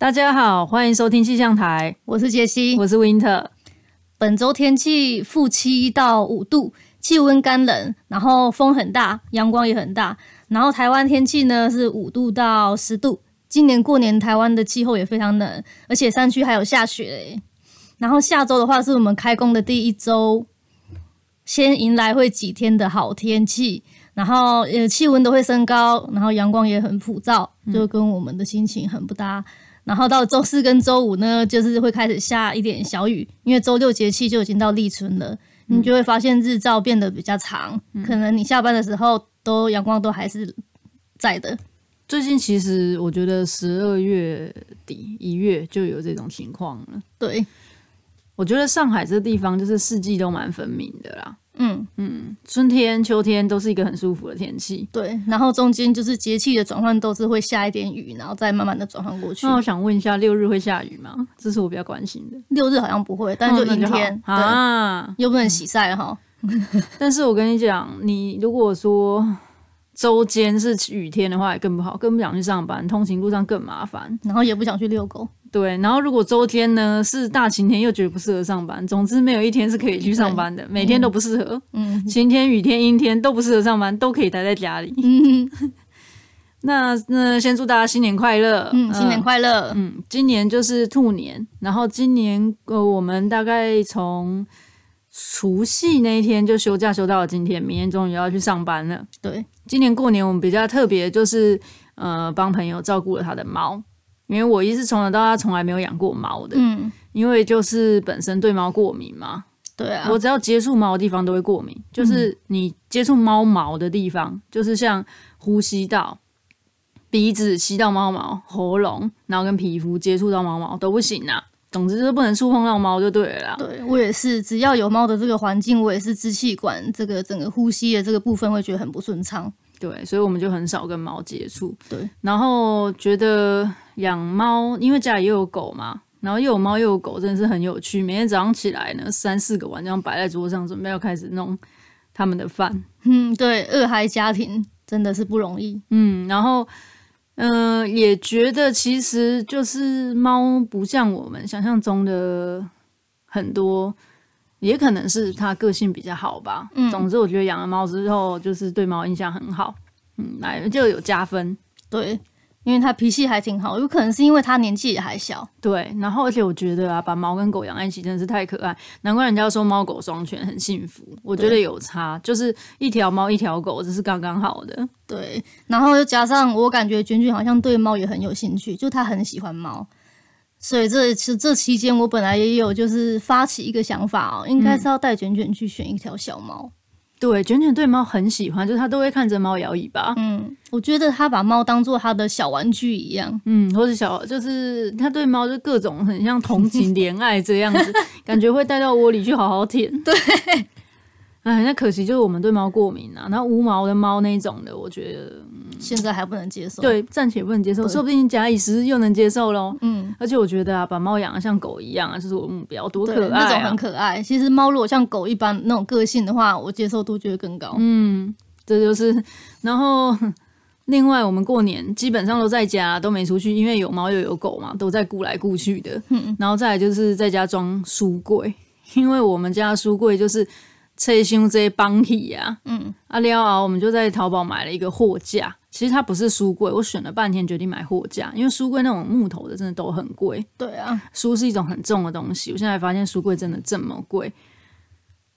大家好，歡迎收聽氣象台，我是傑西，我是 Winter。本周天氣負七到五度，氣溫乾冷，然後風很大，陽光也很大。然後台灣天氣呢是五度到十度。今年過年台灣的氣候也非常冷，而且山區還有下雪欸。然後下周的話，是我們開工的第一周，先迎來會幾天的好天氣，然後呃氣溫都會升高，然後陽光也很普照，就跟我們的心情很不搭。嗯然後到週四跟週五呢，就是會開始下一點小雨，因為週六節氣就已經到立春了，你就會發現日照變得比較長，可能你下班的時候都陽光都還是在的。最近其實我覺得十二月底、一月就有這種情況了。對，我覺得上海這個地方就是四季都蠻分明的啦。嗯嗯，春天、秋天都是一個很舒服的天氣。對，然後中間就是節氣的轉換都是會下一點雨，然後再慢慢的轉換過去。那、哦、我想問一下，六日會下雨嗎？這是我比較關心的。六日好像不會，但就陰天、哦、就對啊，又不能洗曬了哈。但是我跟你講，你如果說週間是雨天的話，也更不好，更不想去上班，通勤路上更麻煩，然後也不想去遛狗。對，然後如果周天呢是大晴天，又覺得不適合上班。總之沒有一天是可以去上班的，對每天都不適合。嗯，晴天、雨天、陰天都不適合上班，都可以待在家裡。嗯 那那先祝大家新年快樂。嗯，新年快樂、呃。嗯，今年就是兔年。然後今年呃，我們大概從除夕那一天就休假休到了今天，明天終於要去上班了。對，今年過年我們比較特別，就是呃，幫朋友照顧了他的貓。因為我一直從小到大從來沒有養過貓的，嗯，因為就是本身對貓過敏嘛，對啊，我只要接觸貓的地方都會過敏，就是你接觸貓毛的地方，嗯、就是像呼吸道、鼻子吸到貓毛、喉嚨，然後跟皮膚接觸到貓毛都不行啦。總之就不能觸碰到貓就對了啦。對，我也是，只要有貓的這個環境，我也是支氣管這個整個呼吸的這個部分會覺得很不順暢。對，所以我們就很少跟貓接觸。對，然後覺得養貓，因為家裡又有狗嘛，然後又有貓又有狗，真的是很有趣。每天早上起來呢，三四個碗這樣擺在桌上，準備要開始弄他們的飯。嗯，對，二孩家庭真的是不容易。嗯，然後嗯、呃，也覺得其實就是貓不像我們想象中的很多。也可能是他個性比較好吧。嗯，總之我覺得養了貓之後，就是對貓印象很好。嗯，來就有加分。對，因為他脾氣還挺好。有可能是因為他年紀也還小。對，然後而且我覺得啊，把貓跟狗養在一起真的是太可愛。難怪人家說貓狗雙全很幸福。我覺得有差，對就是一條貓一條狗這是剛剛好的。對，然後又加上我感覺娟娟好像對貓也很有興趣，就她很喜歡貓。所以這其實這期間，我本來也有就是發起一個想法哦，應該是要帶卷卷去選一條小貓。嗯、對，卷卷對貓很喜歡，就是他都會看着貓搖尾巴。嗯，我覺得他把貓當做他的小玩具一樣。嗯，或者小就是他對貓就各種很像同情憐愛這樣子， 感覺會帶到窩裡去好好舔。對。哎，那可惜就是我們對貓過敏啊。然後無毛的貓那種的，我覺得、嗯、現在還不能接受。對，暫且不能接受，對說不定假以時日又能接受嘍。嗯，而且我覺得啊，把貓養得像狗一樣啊，這、就是我目標，多可愛、啊。那種很可愛。其實貓如果像狗一般那種個性的話，我接受度覺得更高。嗯，這就是。然後另外，我們過年基本上都在家都沒出去，因為有貓又有狗嘛，都在顧來顧去的。嗯嗯。然後再來就是在家裝書櫃，因為我們家書櫃就是。這些箱這幫體啊，嗯，阿撩啊，我們就在淘寶買了一個貨架。其實它不是書櫃，我選了半天決定買貨架，因為書櫃那種木頭的真的都很貴。對啊，書是一種很重的東西，我現在發現書櫃真的這麼貴。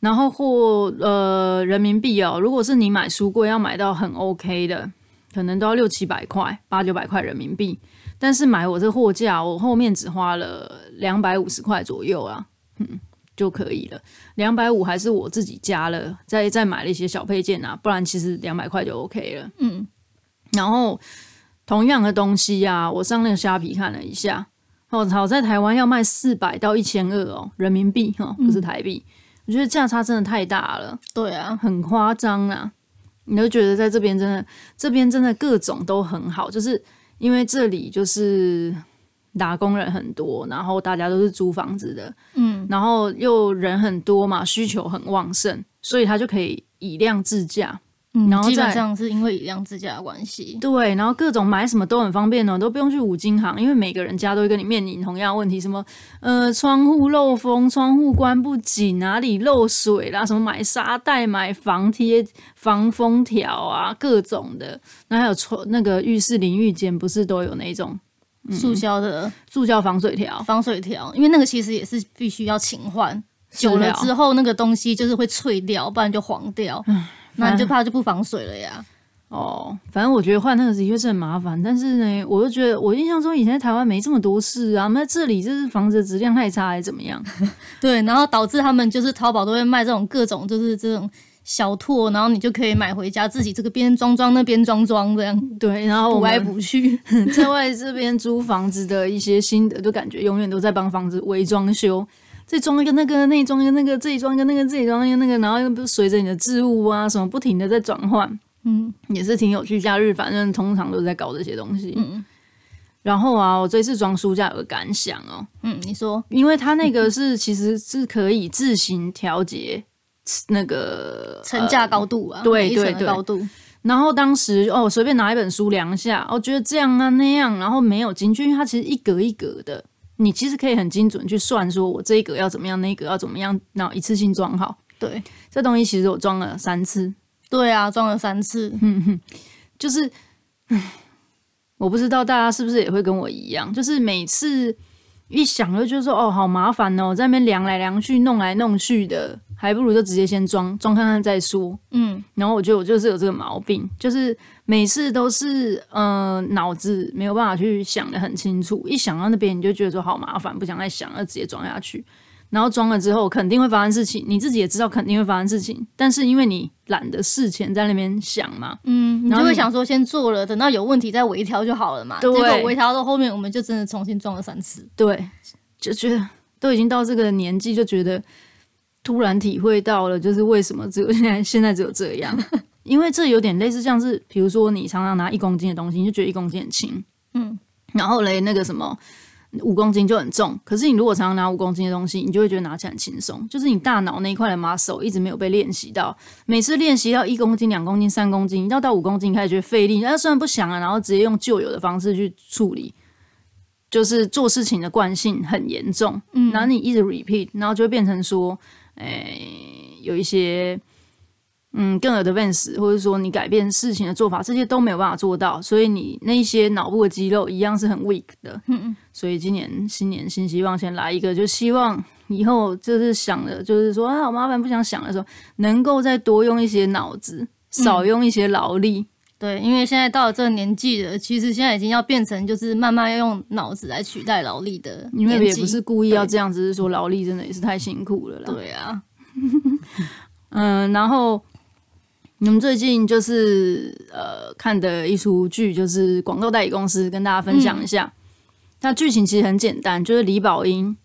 然後貨呃人民幣哦，如果是你買書櫃要買到很 OK 的，可能都要六七百塊、八九百塊人民幣。但是買我這貨架，我後面只花了兩百五十塊左右啊，嗯。就可以了，兩百五還是我自己加了，再再買了一些小配件啊，不然其實兩百塊就 OK 了。嗯，然後同樣的東西啊，我上那個蝦皮看了一下，我操，在台灣要賣四百到一千二哦，人民幣哦，不是台幣。嗯、我覺得價差真的太大了。對啊，很誇張啊！你都覺得在這邊真的，這邊真的各種都很好，就是因為這裡就是。打工人很多，然後大家都是租房子的，嗯，然後又人很多嘛，需求很旺盛，所以他就可以以量制價，嗯，然後基本上是因為以量制價的關係，對，然後各種買什麼都很方便哦，都不用去五金行，因為每個人家都會跟你面臨同樣的問題，什麼，呃，窗戶漏風，窗戶關不緊，哪裡漏水啦，什麼買沙袋、買防貼、防風條啊，各種的，那還有窗那個浴室淋浴間不是都有那種。塑銷的速效防水條、嗯，防水條，因為那個其實也是必須要勤換，久了，了之後那個東西就是會脆掉，不然就黃掉，那唉你就怕就不防水了呀。哦，反正我覺得換那個的確是很麻煩，但是呢，我就覺得我印象中以前在台灣沒這麼多事啊，那這裡就是房子質量太差還是怎麼樣？ 對，然後導致他們就是淘寶都會賣這種各種就是這種。小拓，然後你就可以買回家自己這個邊裝裝，那邊裝裝這樣，對，然後歪來歪去， 在外這邊租房子的一些心得，就感覺永遠都在幫房子微裝修，再裝一個那個，那一裝一個那個，自己裝一個那個，自己裝一個那個，然後又不隨着你的置物啊什麼不停的在轉換，嗯，也是挺有趣。假日反正通常都在搞這些東西。嗯，然後啊，我這次裝書架有個感想哦，嗯，你說，因為它那個是其實是可以自行調節。那個、呃、層架高度啊對，對對對，高度。然後當時哦，隨便拿一本書量一下，我、哦、覺得這樣啊那樣，然後沒有精確，因為它其實一格一格的，你其實可以很精準去算，說我這一格要怎麼樣，那一格要怎麼樣，然後一次性裝好。對，這東西其實我裝了三次。對啊，裝了三次， 就是，我不知道大家是不是也會跟我一樣，就是每次一想，就覺得說哦，好麻煩哦，在那邊量來量去，弄來弄去的。還不如就直接先裝裝看看再說。嗯，然後我覺得我就是有這個毛病，就是每次都是呃腦子沒有辦法去想的很清楚，一想到那邊你就覺得說好麻煩，不想再想，要直接裝下去。然後裝了之後肯定會發生事情，你自己也知道肯定會發生事情，但是因為你懶得事前在那邊想嘛，嗯，你就會想說先做了，等到有問題再微調就好了嘛。對，結果微調到後面，我們就真的重新裝了三次。對，就覺得都已經到這個年紀，就覺得。突然體會到了，就是為什麼只有現在，現在只有這樣，因為這有點類似像是，比如說你常常拿一公斤的東西，你就覺得一公斤很輕，嗯，然後嘞那個什麼五公斤就很重，可是你如果常常拿五公斤的東西，你就會覺得拿起來很輕鬆，就是你大腦那一塊的 muscle 一直沒有被練習到，每次練習到一公斤、兩公斤、三公斤，要到五公斤你開始覺得費力，那雖然不想啊，然後直接用舊有的方式去處理，就是做事情的慣性很嚴重，嗯，然後你一直 repeat，然後就會變成說。誒有一些嗯，更好的方式，或者說你改變事情的做法，這些都沒有辦法做到，所以你那些腦部的肌肉一樣是很 weak 的。嗯、所以今年新年新希望，先來一個，就希望以後就是想了，就是說啊，好麻煩，不想想的時候，能夠再多用一些腦子，少用一些勞力。嗯對，因為現在到了這個年紀了，其實現在已經要變成就是慢慢要用腦子來取代勞力的。因為也不是故意要這樣子說，只是說勞力真的也是太辛苦了啦。對啊，嗯、 呃，然後你們最近就是呃看的一出劇，就是廣告代理公司，跟大家分享一下。嗯、那劇情其實很簡單，就是李寶英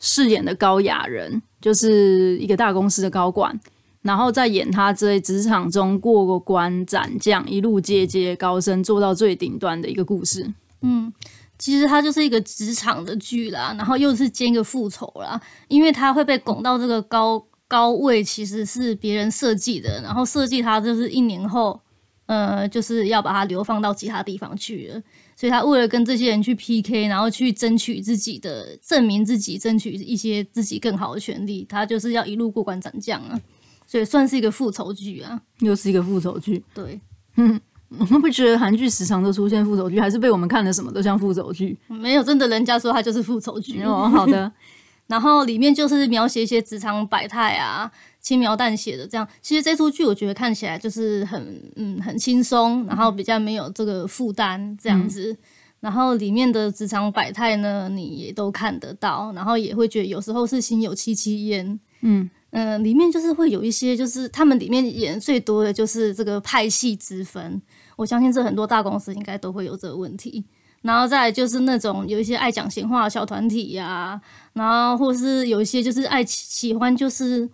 飾演的高雅人，就是一個大公司的高管。然後再演他這職場中過過關斬將，一路節節高升，做到最頂端的一個故事。嗯，其實他就是一個職場的劇啦，然後又是兼一個復仇啦，因為他會被拱到這個高、嗯、高位，其實是別人設計的，然後設計他就是一年後，呃，就是要把他流放到其他地方去。所以他為了跟這些人去 PK，然後去爭取自己的，證明自己，爭取一些自己更好的權利，他就是要一路過關斬將啊。所以算是一個復仇劇啊，又是一個復仇劇。對，嗯，我們不覺得韓劇時常都出現復仇劇，還是被我們看了什麼都像復仇劇？沒有，真的，人家說它就是復仇劇、嗯、哦。好的， 然後裡面就是描寫一些職場百態啊，輕描淡寫的這樣。其實這出劇我覺得看起來就是很嗯很輕鬆，然後比較沒有這個負擔這樣子。嗯、然後裡面的職場百態呢，你也都看得到，然後也會覺得有時候是心有戚戚焉，嗯。嗯、呃，裡面就是會有一些，就是他們裡面演最多的就是這個派系之分。我相信這很多大公司應該都會有這個問題。然後再就是那種有一些愛講閒話的小團體呀、啊，然後或是有一些就是愛喜歡就是，誒、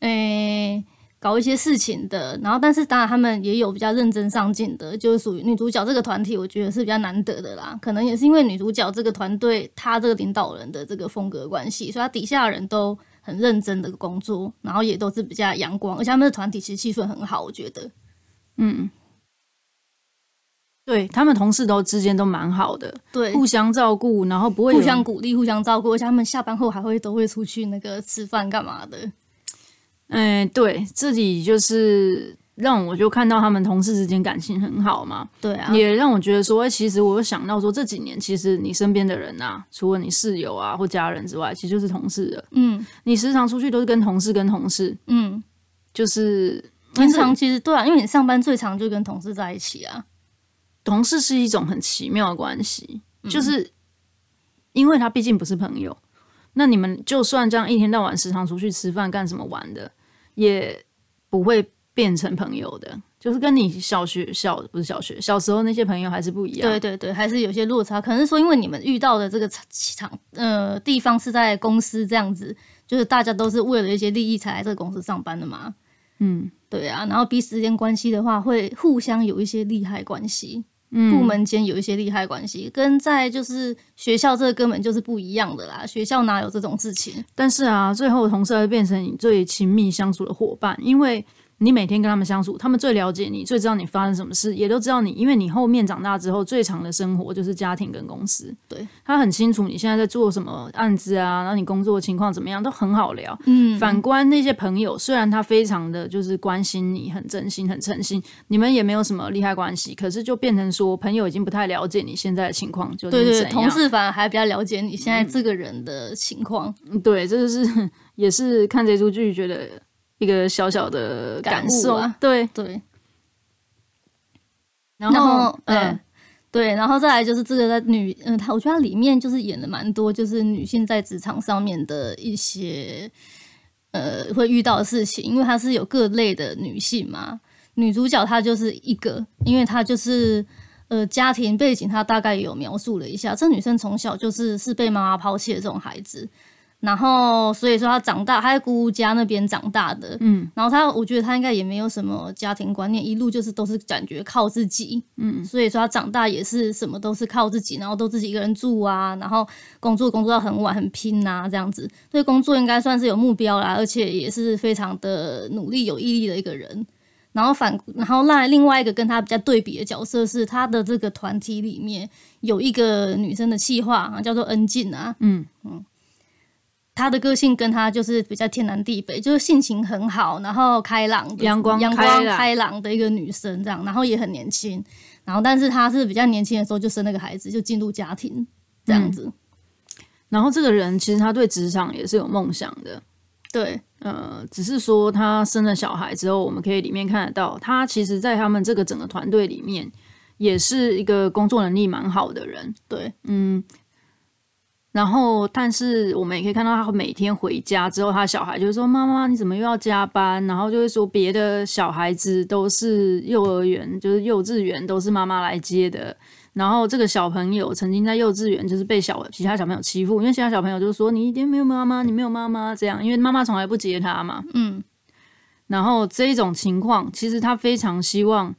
欸、搞一些事情的。然後，但是當然他們也有比較認真上進的，就是屬於女主角這個團體，我覺得是比較難得的啦。可能也是因為女主角這個團隊，她這個領導人的這個風格關係，所以她底下的人都。很認真的工作，然後也都是比較陽光，而且他們的團體其實氣氛很好，我覺得，嗯，對他們同事都之間都蠻好的，對，互相照顧，然後不會互相鼓勵、互相照顧，而且他們下班後還會都會出去那個吃飯幹嘛的，嗯、呃，對自己就是。讓我就看到他們同事之間感情很好嘛，對啊，也讓我覺得說，欸、其實我想到說這幾年，其實你身邊的人吶、啊，除了你室友啊或家人之外，其實就是同事了。嗯，你時常出去都是跟同事跟同事，嗯，就是平常其實、嗯、對啊，因為你上班最常就跟同事在一起啊。同事是一種很奇妙的關係，就是、嗯、因為他畢竟不是朋友，那你們就算這樣一天到晚時常出去吃飯幹什麼玩的，也不會。變成朋友的，就是跟你小學小，不是小學小時候那些朋友還是不一樣。對對對，還是有些落差。可能是說，因為你們遇到的這個場呃地方，是在公司這樣子，就是大家都是為了一些利益才來這個公司上班的嘛。嗯，對啊。然後，比時間關係的話，會互相有一些利害關係，部門間有一些利害關係。嗯、跟在就是學校這個根本就是不一樣的啦。學校哪有這種事情？但是啊，最後同事會變成你最親密相處的夥伴，因為。你每天跟他們相處，他們最了解你，最知道你發生什麼事，也都知道你，因為你後面長大之後，最長的生活就是家庭跟公司。對，他很清楚你現在在做什麼案子啊，然後你工作情況怎麼樣，都很好聊。嗯，反觀那些朋友，雖然他非常的就是關心你，很真心、很誠心，你們也沒有什麼利害關係，可是就變成說朋友已經不太了解你現在的情況。就對對對，同事反而還比較了解你現在這個人的情況。嗯。對，這就是也是看這出劇覺得。一個小小的感受啊，對對。然後，嗯、呃，對，然後再來就是這個在女，嗯、呃，她我覺得她裡面就是演了蠻多，就是女性在職場上面的一些，呃，會遇到的事情，因為她是有各類的女性嘛。女主角她就是一個，因為她就是，呃，家庭背景她大概有描述了一下，這女生從小就是是被媽媽拋棄的這種孩子。然後，所以說他長大，他在姑姑家那邊長大的，嗯。然後他，我覺得他應該也沒有什麼家庭觀念，一路就是都是感覺靠自己，嗯。所以說他長大也是什麼都是靠自己，然後都自己一個人住啊，然後工作工作到很晚，很拼啊，這樣子。對工作應該算是有目標啦，而且也是非常的努力、有毅力的一個人。然後反，然後讓另外一個跟他比較對比的角色是，他的這個團體裡面有一個女生的氣話啊，叫做恩靜啊，嗯嗯。嗯他的個性跟他就是比較天南地北，就是性情很好，然後開朗陽光、陽光開朗的一個女生這樣，然後也很年輕，然後但是她是比較年輕的時候就生了個孩子，就進入家庭這樣子。嗯、然後這個人其實他對職場也是有夢想的，對，呃，只是說他生了小孩之後，我們可以裡面看得到，他其實在他們這個整個團隊裡面也是一個工作能力蠻好的人，對，嗯。然後，但是我們也可以看到，他每天回家之後，他小孩就說：“媽媽，你怎麼又要加班？”然後就會說：“別的小孩子都是幼兒園，就是幼稚園，都是媽媽來接的。”然後這個小朋友曾經在幼稚園就是被小其他小朋友欺負，因為其他小朋友就說：“你一定沒有媽媽，你沒有媽媽這樣。”因為媽媽從來不接他嘛。嗯。然後這一種情況，其實他非常希望，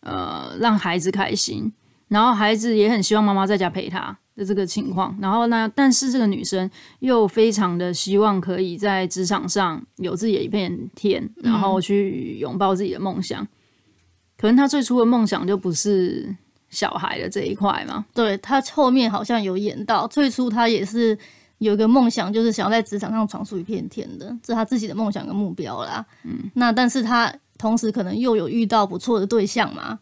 呃，讓孩子開心。然後孩子也很希望媽媽在家陪她的這個情況，然後呢，但是這個女生又非常的希望可以在職場上有自己的一片天，嗯、然後去擁抱自己的夢想。可能她最初的夢想就不是小孩的這一塊嘛？對，她後面好像有演到，最初她也是有一個夢想，就是想要在職場上闖出一片天的，這是她自己的夢想跟目標啦。嗯，那但是她同時可能又有遇到不錯的對象嘛？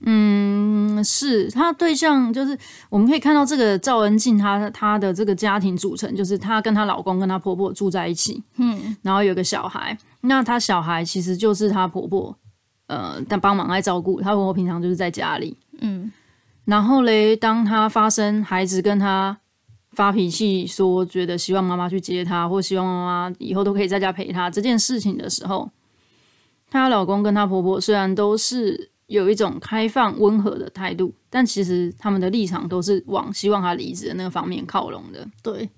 嗯，是她對象就是我們可以看到這個趙恩靜，她她的這個家庭組成就是她跟她老公跟她婆婆住在一起，嗯，然後有個小孩，那她小孩其實就是她婆婆，呃，她幫忙來照顧她婆婆，平常就是在家裡，嗯，然後嘞，當她發生孩子跟她發脾氣，說覺得希望媽媽去接她，或希望媽媽以後都可以在家陪她這件事情的時候，她老公跟她婆婆雖然都是。有一種開放溫和的態度，但其實他們的立場都是往希望他離職的那個方面靠攏的。對，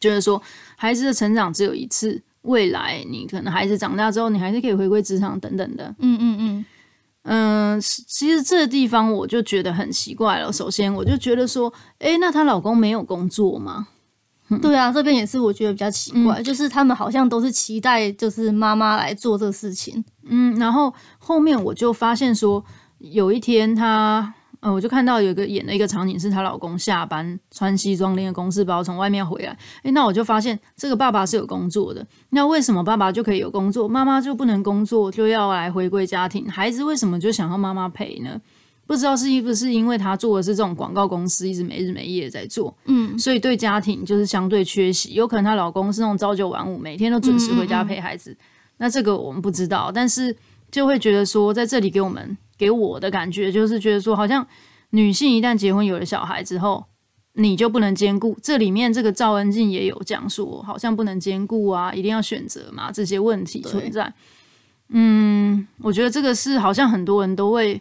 就是說孩子的成長只有一次，未來你可能孩子長大之後，你還是可以回歸職場等等的。嗯嗯嗯，嗯，其實這個地方我就覺得很奇怪了。首先，我就覺得說，誒、欸，那她老公沒有工作嗎？對啊，這邊也是，我覺得比較奇怪，嗯、就是他們好像都是期待就是媽媽來做這個事情，嗯，然後後面我就發現說，有一天她，嗯、呃，我就看到有個演的一個場景是她老公下班穿西裝拎個公事包從外面回來，哎，那我就發現這個爸爸是有工作的，那為什麼爸爸就可以有工作，媽媽就不能工作就要來回歸家庭？孩子為什麼就想要媽媽陪呢？不知道是不是因為他做的是這種廣告公司，一直沒日沒夜在做，嗯，所以對家庭就是相對缺席。有可能她老公是那種朝九晚五，每天都準時回家陪孩子。嗯嗯嗯，那這個我們不知道，但是就會覺得說，在這裡給我們給我的感覺就是覺得說，好像女性一旦結婚有了小孩之後，你就不能兼顧。這裡面這個趙恩靜也有講說，好像不能兼顧啊，一定要選擇嘛，這些問題存在。對嗯，我覺得這個是好像很多人都會。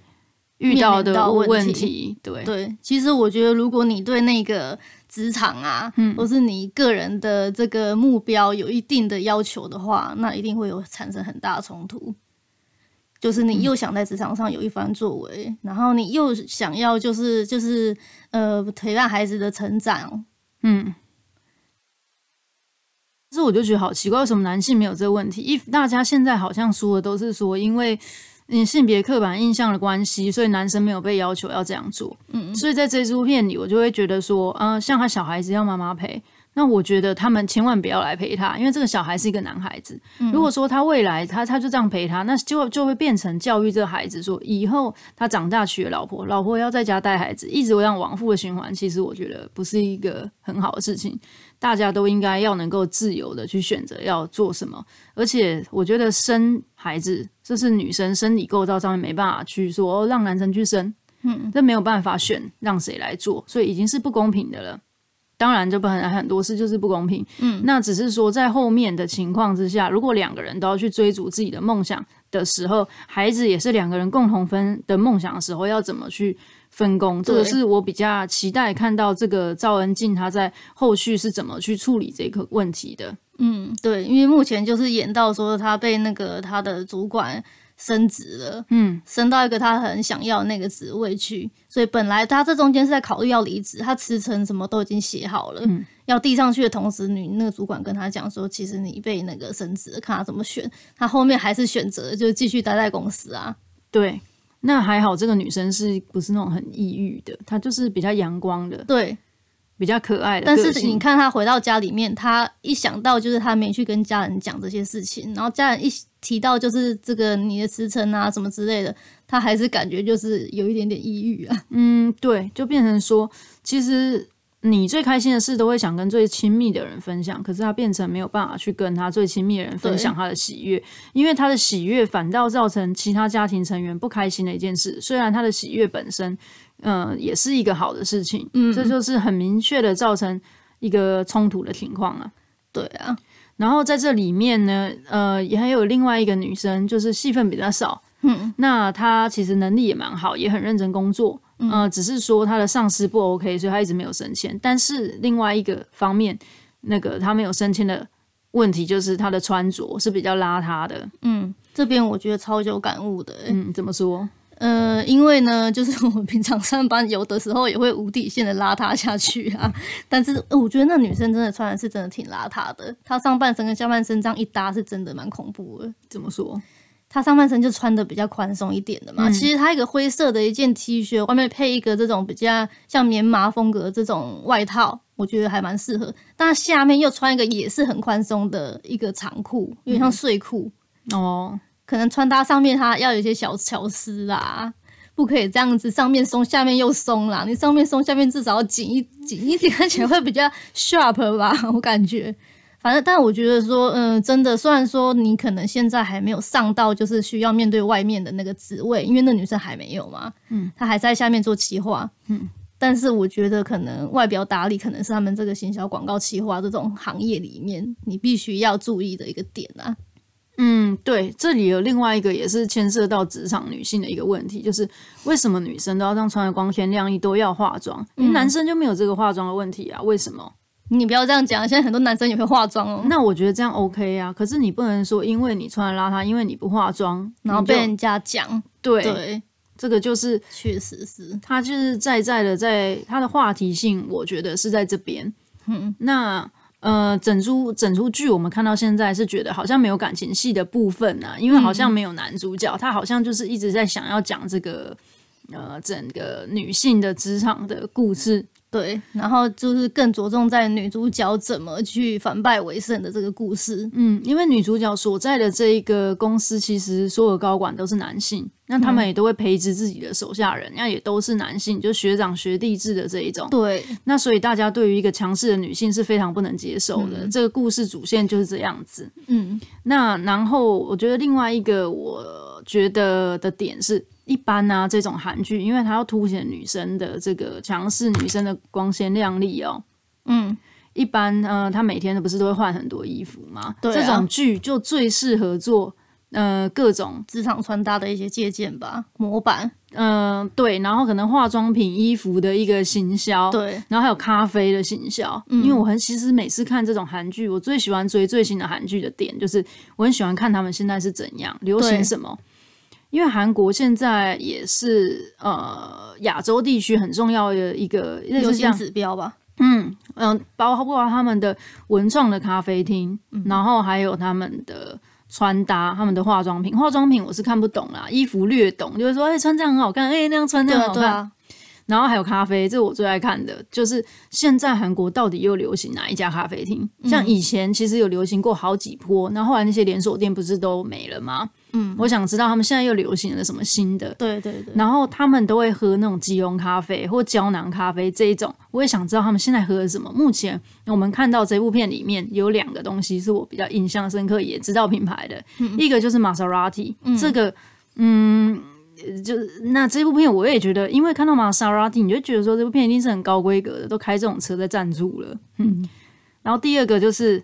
遇到的問題，問題，對對，其實我覺得，如果你對那個職場啊，嗯，或是你個人的這個目標有一定的要求的話，那一定會有產生很大的衝突。就是你又想在職場上有一番作為，嗯、然後你又想要就是就是呃，陪伴孩子的成長，嗯。其實我就覺得好奇怪，為什麼男性沒有這個問題？一大家現在好像說的都是說，因為。你性別刻板印象的關係，所以男生沒有被要求要這樣做。嗯，所以在這部片裡，我就會覺得說，嗯、呃，像他小孩子要媽媽陪，那我覺得他們千萬不要來陪他，因為這個小孩是一個男孩子。嗯、如果說他未來他他就這樣陪他，那就就會變成教育這孩子說，以後他長大娶了老婆，老婆要在家帶孩子，一直這樣往復的循環，其實我覺得不是一個很好的事情。大家都應該要能夠自由的去選擇要做什麼，而且我覺得生孩子這是女生生理構造上面沒辦法去說、哦、讓男生去生，嗯，這沒有辦法選讓誰來做，所以已經是不公平的了。當然就，就本來很多事就是不公平，嗯，那只是說在後面的情況之下，如果兩個人都要去追逐自己的夢想的時候，孩子也是兩個人共同分的夢想的時候，要怎麼去？分工對這個是我比較期待看到這個趙恩靜他在後續是怎麼去處理這個問題的。嗯，對，因為目前就是演到說他被那個他的主管升職了，嗯，升到一個他很想要那個職位去，所以本來他這中間是在考慮要離職，他辭呈什麼都已經寫好了，嗯，要遞上去的同時你，你那個主管跟他講說，其實你被那個升職了，看他怎麼選。他後面還是選擇就繼續待在公司啊。對。那還好，這個女生是不是那種很抑鬱的？她就是比較陽光的，對，比較可愛的。但是你看她回到家裡面，她一想到就是她沒去跟家人講這些事情，然後家人一提到就是這個你的職稱啊什麼之類的，她還是感覺就是有一點點抑鬱啊。嗯，對，就變成說其實。你最開心的事都會想跟最親密的人分享，可是他變成沒有辦法去跟他最親密的人分享他的喜悅，對因為他的喜悅反倒造成其他家庭成員不開心的一件事。雖然他的喜悅本身，嗯、呃，也是一個好的事情，嗯，這就是很明確的造成一個衝突的情況啊。對啊，然後在這裡面呢，呃，也還有另外一個女生，就是戲份比較少，嗯，那她其實能力也蠻好，也很認真工作。嗯、呃，只是說他的上司不 OK，所以他一直沒有升遷。但是另外一個方面，那個他沒有升遷的問題，就是他的穿着是比較邋遢的。嗯，這邊我覺得超級有感悟的、欸。嗯，怎麼說？呃，因為呢，就是我們平常上班，有的時候也會無底線的邋遢下去啊。但是、呃、我覺得那女生真的穿的是真的挺邋遢的，她上半身跟下半身這樣一搭，是真的蠻恐怖的。怎麼說？他上半身就穿的比較寬鬆一點的嘛，嗯、其實他一個灰色的一件 T 恤，外面配一個這種比較像棉麻風格這種外套，我覺得還蠻適合。但下面又穿一個也是很寬鬆的一個長褲，嗯、有點像睡褲哦。可能穿搭上面他要有一些小巧思啦，不可以這樣子，上面鬆下面又鬆啦。你上面鬆下面至少要緊一緊一點，看起來會比較 sharp 吧，我感覺。反正，但我覺得說，嗯，真的，雖然說你可能現在還沒有上到，就是需要面對外面的那個職位，因為那女生還沒有嘛，嗯，她還在下面做企劃，嗯，但是我覺得可能外表打理可能是他們這個行銷、廣告、企劃這種行業裡面你必須要注意的一個點啊。嗯，對，這裡有另外一個也是牽涉到職場女性的一個問題，就是為什麼女生都要這樣穿得光鮮亮麗，都要化妝，嗯，因為男生就沒有這個化妝的問題啊？為什麼？你不要這樣講，現在很多男生也會化妝哦。那我覺得這樣 OK 啊，可是你不能說因為你穿了邋遢，因為你不化妝，然後被人家講。對對，對這個就是確實是他就是在在的在，在他的話題性，我覺得是在這邊。嗯，那呃，整出整出劇，我們看到現在是覺得好像沒有感情戲的部分呢、啊，因為好像沒有男主角，嗯、他好像就是一直在想要講這個呃整個女性的職場的故事。嗯。對，然後就是更着重在女主角怎麼去反敗為勝的這個故事。嗯，因為女主角所在的這一個公司，其實所有高管都是男性，那他們也都會培植自己的手下人，那、嗯、也都是男性，就學長學弟制的這一種。對，那所以大家對於一個強勢的女性是非常不能接受的。嗯、這個故事主線就是這樣子。嗯，那然後我覺得另外一個我覺得的點是。一般呢、啊，這種韓劇，因為它要凸顯女生的這個強勢，強勢女生的光鮮亮麗哦。嗯，一般，呃，她每天都不是都會換很多衣服嗎？對、啊，這種劇就最適合做，呃，各種職場穿搭的一些借鑑吧，模板。嗯、呃，對。然後可能化妝品、衣服的一個行銷，對。然後還有咖啡的行銷，嗯、因為我很其實每次看這種韓劇，我最喜歡追最新的韓劇的點就是，我很喜歡看他們現在是怎樣流行什麼。因為韓國現在也是呃，亞洲地區很重要的一個，流行指標吧。嗯嗯，包括他們的文創的咖啡廳，嗯、哼然後還有他們的穿搭、他們的化妝品。化妝品我是看不懂啦，衣服略懂，就是說誒、欸、穿這樣很好看，誒、欸、那樣穿這樣好看。對啊然後還有咖啡，這是我最愛看的。就是現在韓國到底又流行哪一家咖啡廳？嗯、像以前其實有流行過好幾波，然後，後來那些連鎖店不是都沒了嗎？嗯，我想知道他們現在又流行了什麼新的？對對對。然後他們都會喝那種即溶咖啡或膠囊咖啡這一種，我也想知道他們現在喝的什麼。目前我們看到這部片裡面有兩個東西是我比較印象深刻，也知道品牌的，嗯、一個就是瑪莎拉蒂，這個嗯。就是那這部片，我也覺得，因為看到瑪莎拉蒂，你就覺得說這部片一定是很高規格的，都開這種車在贊助了。嗯，然後第二個就是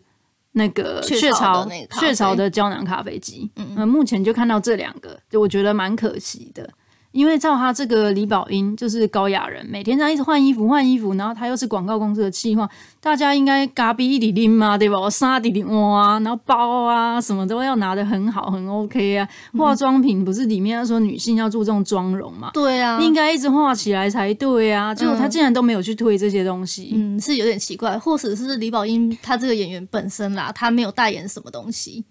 那個雀巢、雀巢，雀巢的膠囊咖啡機。嗯嗯，嗯，目前就看到這兩個，就我覺得蠻可惜的。因為照他這個李寶英就是高雅人，每天在一直換衣服換衣服，然後她又是廣告公司的企劃，大家應該嘎逼一滴拎嘛，對吧？我沙滴滴哇，然後包啊什麼都要拿得很好很 OK 啊，化妝品不是裡面要說女性要注重妝容嘛，對啊、嗯，應該一直化起來才對啊，嗯、結果她竟然都沒有去推這些東西，嗯，是有點奇怪，或者是李寶英她這個演員本身啦，她沒有代言什麼東西。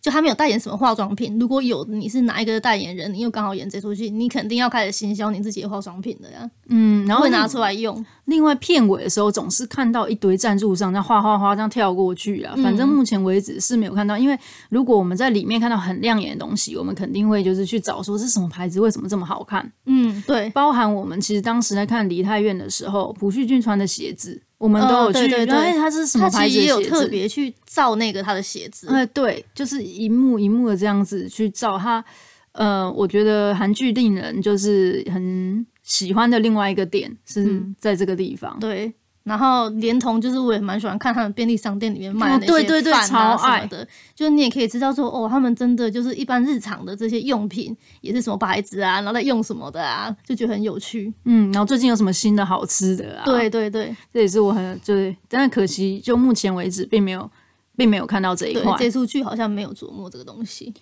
就他沒有代言什麼化妝品，如果有你是哪一個代言人，你又剛好演這出戲，你肯定要開始行銷你自己的化妝品的呀。嗯，然後會拿出來用。另外片尾的時候總是看到一堆贊助商，那嘩嘩嘩這樣跳過去啊。嗯、反正目前為止是沒有看到，因為如果我們在裡面看到很亮眼的東西，我們肯定會就是去找說是什麼牌子，為什麼這麼好看？嗯，對。包含我們其實當時在看《梨泰院》的時候，朴敘俊穿的鞋子。我們都有去，呃、對對對，他是什麼牌子，也有特別去照那個他的鞋子，嗯。對，就是一幕一幕的這樣子去照他。呃，我覺得韓劇令人就是很喜歡的另外一個點是在這個地方。嗯、對。然後連同就是我也蠻喜歡看他們便利商店裡面賣的那些飯啊什麼的，就你也可以知道說哦，他們真的就是一般日常的這些用品也是什麼牌子啊，然後在用什麼的啊，就覺得很有趣。嗯，然後最近有什麼新的好吃的啊？對對對，這也是我很最，但是可惜就目前為止並沒有，並沒有看到這一塊。這出劇好像沒有琢磨這個東西。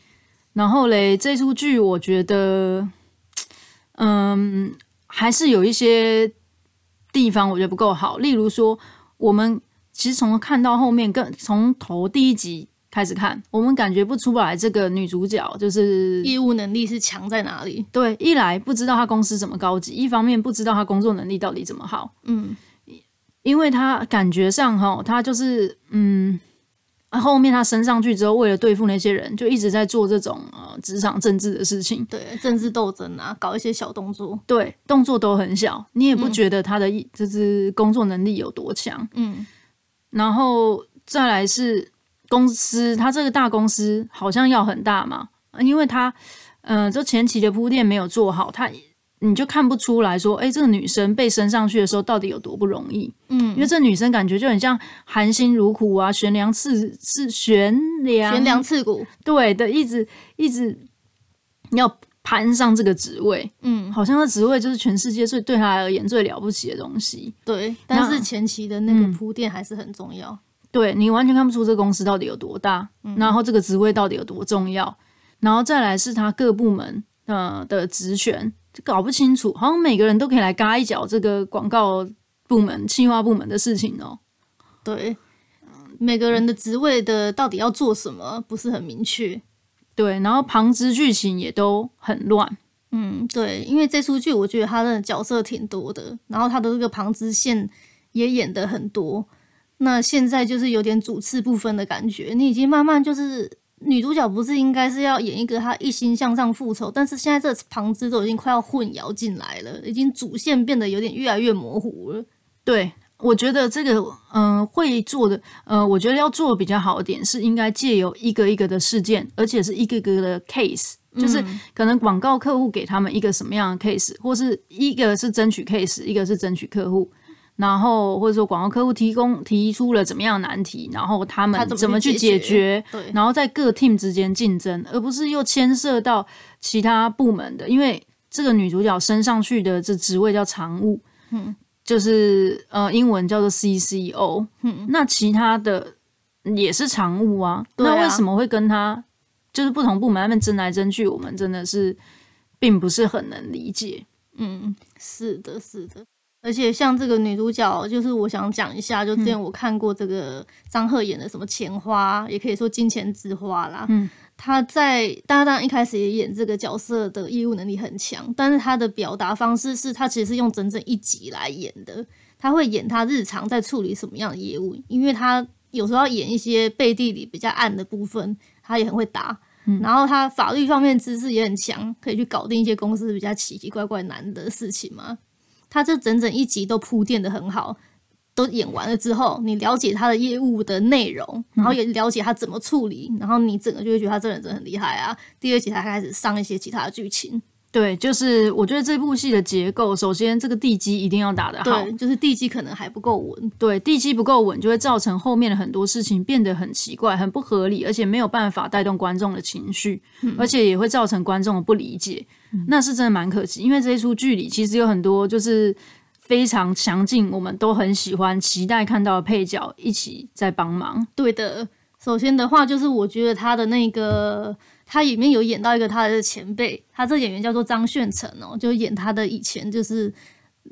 然後嘞，這出劇我覺得，嗯，還是有一些。地方我覺得不夠好，例如說，我們其實從看到後面，更從頭第一集開始看，我們感覺不出不來這個女主角就是業務能力是強在哪裡。對，一來不知道她公司怎麼高級，一方面不知道她工作能力到底怎麼好。嗯，因為她感覺上哈，她就是嗯。啊，後面他升上去之後，為了對付那些人，就一直在做這種呃職場政治的事情，對，政治鬥爭啊，搞一些小動作，對，動作都很小，你也不覺得他的、嗯、就是工作能力有多強，嗯，然後再來是公司，他這個大公司好像要很大嘛，因為他，嗯、呃，就前期的鋪墊沒有做好，他。你就看不出來，說，哎、欸，這個女生被升上去的時候到底有多不容易？嗯，因為這女生感覺就很像含辛茹苦啊，懸梁刺刺懸梁，懸梁刺骨，對對，一直一直，你要攀上這個職位，嗯，好像這職位就是全世界最對她而言最了不起的東西。對，但是前期的那個鋪墊還是很重要、嗯。對，你完全看不出這個公司到底有多大，嗯、然後這個職位到底有多重要，然後再來是他各部門呃的職權。搞不清楚，好像每個人都可以來嘎一腳這個廣告部門、企劃部門的事情哦、喔。對，每個人的職位的到底要做什麼不是很明確。對，然後旁支劇情也都很亂。嗯，對，因為這齣劇我覺得他的角色挺多的，然後他的這個旁支線也演得很多，那現在就是有點主次不分的感覺。你已經慢慢就是。女主角不是應該是要演一個她一心向上復仇，但是現在這旁支都已經快要混淆進來了，已經主線變得有點越來越模糊了。對，我覺得這個嗯、呃、會做的嗯、呃，我覺得要做比較好一點是應該借由一個一個的事件，而且是一個一個的 case，就是可能廣告客戶給他們一個什麼樣的 case，或是一個是爭取 case，一個是爭取客戶。然後或者說廣告客戶提供提出了怎麼樣的難題，然後他們怎麼去解決？解決，對，然後在各 team 之間競爭，而不是又牽涉到其他部門的。因為這個女主角升上去的這職位叫常務，嗯，就是呃英文叫做 CCO，嗯，那其他的也是常務啊，啊那為什麼會跟他就是不同部門他們爭來爭去？我們真的是並不是很能理解。嗯，是的，是的，是的。而且像這個女主角，就是我想講一下，就之前我看過這個張赫演的什麼《錢花》，也可以說《金錢之花》啦。嗯，他在搭檔一開始也演這個角色的業務能力很強，但是他的表達方式是他其實是用整整一集來演的。他會演他日常在處理什麼樣的業務，因為他有時候要演一些背地裡比較暗的部分，他也很會打。然後他法律方面知識也很強，可以去搞定一些公司比較奇奇怪怪難的事情嘛。他這整整一集都鋪墊的很好，都演完了之後，你了解他的業務的內容，然後也了解他怎麼處理，嗯，然後你整個就會覺得他這人真的很厲害啊。第二集才開始上一些其他的劇情。對，就是我覺得這部戲的結構，首先這個地基一定要打得好，對，就是地基可能還不夠穩。對，地基不夠穩，就會造成後面的很多事情變得很奇怪、很不合理，而且沒有辦法帶動觀眾的情緒，嗯、而且也會造成觀眾的不理解。嗯、那是真的蠻可惜，因為這一出劇裡其實有很多就是非常強勁，我們都很喜歡、期待看到的配角一起在幫忙。對的，首先的話，就是我覺得他的那個。他裡面有演到一個他的前輩，他這演員叫做張炫成哦，就演他的以前就是，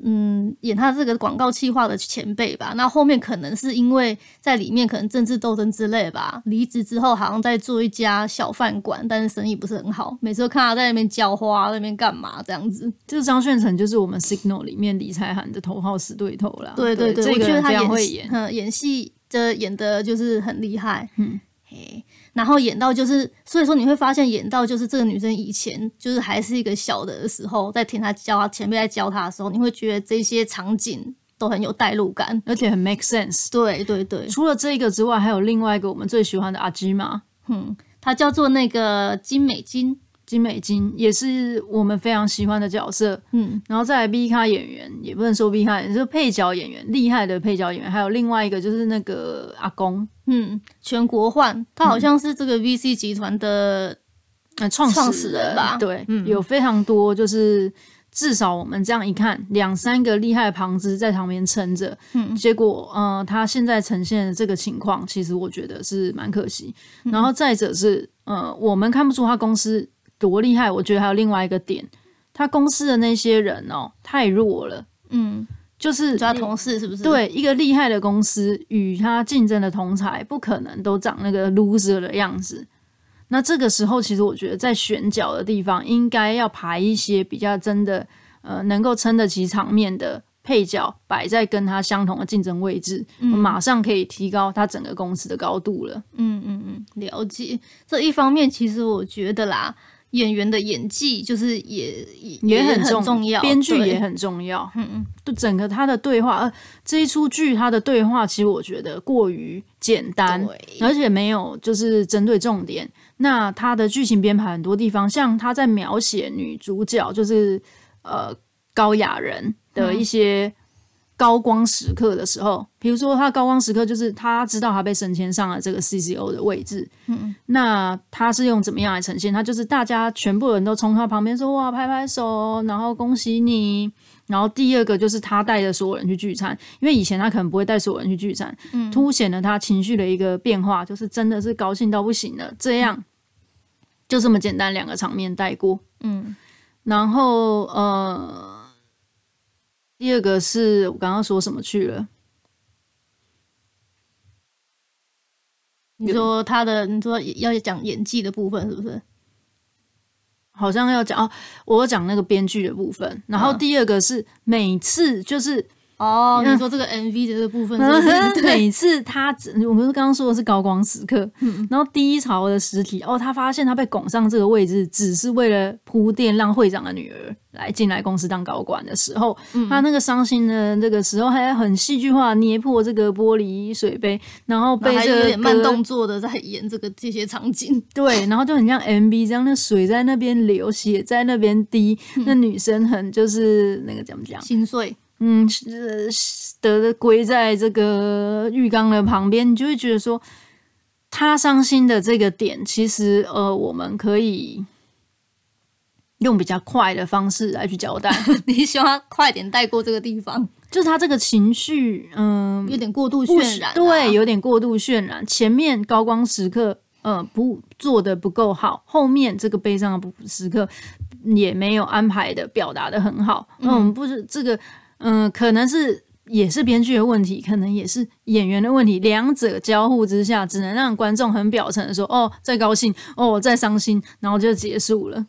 嗯，演他這個廣告企劃的前輩吧。那後面可能是因為在裡面可能政治鬥爭之類吧，離職之後好像在做一家小飯館，但是生意不是很好。每次都看他在那邊澆花、啊，在那邊幹嘛這樣子？就是張炫成，就是我們 Signal 裡面李才涵的頭號死對頭啦。對對對，我覺得他演會演，嗯，演戲就演的就是很厲害，嗯，嘿。然後演到就是，所以說你會發現，演到就是這個女生以前就是還是一個小的時候，在聽她教她，前輩在教她的時候，你會覺得這些場景都很有代入感，而且很 make sense。對對對。除了這個之外，還有另外一個我們最喜歡的阿基瑪，嗯，她叫做那個金美金。金美金也是我們非常喜歡的角色，嗯，然後再來 B 咖演員也不能說 B 咖演，也、就是配角演員，厲害的配角演員。還有另外一個就是那個阿公，嗯，全國煥。他好像是這個 VC 集團的、嗯、創始創始人吧？對，嗯、有非常多，就是至少我們這樣一看，兩三個厲害的旁支在旁邊撐着，嗯，結果呃，他現在呈現的這個情況，其實我覺得是蠻可惜。嗯、然後再者是呃，我們看不出他公司。多厲害！我覺得還有另外一個點，他公司的那些人哦，太弱了。嗯，就是抓同事是不是？對，一個厲害的公司，與他競爭的同儕，不可能都長那個 loser 的樣子。那這個時候，其實我覺得在選角的地方，應該要排一些比較真的，呃，能夠撐得起場面的配角，擺在跟他相同的競爭位置，嗯、馬上可以提高他整個公司的高度了。嗯嗯嗯，了解。這一方面，其實我覺得啦。演員的演技就是也也，也很重要，編劇也很重要。嗯嗯，對就整個他的對話，這一出劇他的對話，其實我覺得過於簡單，對而且沒有就是針對重點。那他的劇情編排很多地方，像他在描寫女主角，就是呃高雅人的一些。嗯高光時刻的時候，比如說他高光時刻就是他知道他被升遷上了這個 CCO 的位置，嗯，那他是用怎麼樣來呈現？他就是大家全部人都衝他旁邊說哇，拍拍手，然後恭喜你。然後第二個就是他帶着所有人去聚餐，因為以前他可能不會帶所有人去聚餐，嗯、凸顯了他情緒的一個變化，就是真的是高興到不行了。這樣、嗯、就這麼簡單兩個場面帶過，嗯，然後呃。第二個是我剛剛說什麼去了？你說他的，你說要講演技的部分是不是？好像要講哦，我講那個編劇的部分。然後第二個是、嗯、每次就是。哦，你看說這個 M V 的這個部分，每次他，我們剛剛說的是高光時刻，嗯、然後低潮的實體。哦，他發現他被拱上這個位置，只是為了鋪墊讓會長的女兒來進來公司當高管的時候，嗯、他那個傷心的這個時候，還很戲劇化，捏破這個玻璃水杯，然後被這個後還有點慢動作的在演這個這些場景。對，然後就很像 M V，這樣那水在那邊流，血在那邊滴，嗯、那女生很就是那個怎麼講，心碎。嗯，是的，跪在這個浴缸的旁邊，你就會覺得說，他傷心的這個點，其實呃，我們可以用比較快的方式來去交代。 你希望他快點帶過這個地方，就是他這個情緒，嗯、呃，有點過度渲染，啊，對，有點過度渲染。前面高光時刻，呃，不做的不夠好，後面這個悲傷的時刻也沒有安排的表達的很好。嗯，嗯，不是這個。嗯，可能是也是編劇的問題，可能也是演員的問題，兩者交互之下，只能讓觀眾很表層的說，哦，在高興，哦，在傷心，然後就結束了。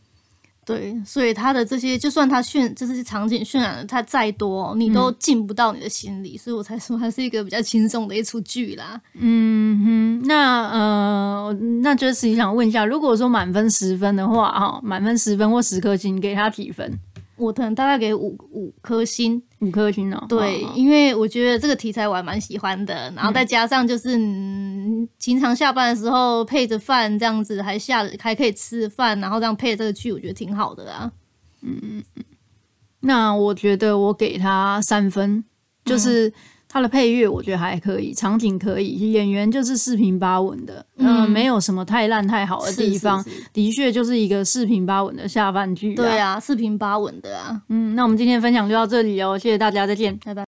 對，所以他的這些，就算他渲這些場景渲染的他再多，你都進不到你的心裡，嗯、所以我才說他是一個比較輕鬆的一出劇啦。嗯哼，那呃，那就是想問一下，如果說滿分十分的話，哈，滿分十分或十顆星，給他幾分？我可能大概給五五顆星。五顆星哦，對，哦、因為我覺得這個題材我還蠻喜歡的，然後再加上就是，平、嗯嗯、常下班的時候配着飯這樣子，還下還可以吃飯，然後這樣配着這個劇，我覺得挺好的啊。嗯嗯嗯，那我覺得我給他三分，就是。嗯它的配樂我覺得還可以，場景可以，演員就是四平八穩的，嗯，沒有什麼太爛太好的地方，是是是，的確就是一個四平八穩的下飯劇啊。對啊，四平八穩的啊。嗯，那我們今天分享就到這裡哦，謝謝大家，再見，拜拜。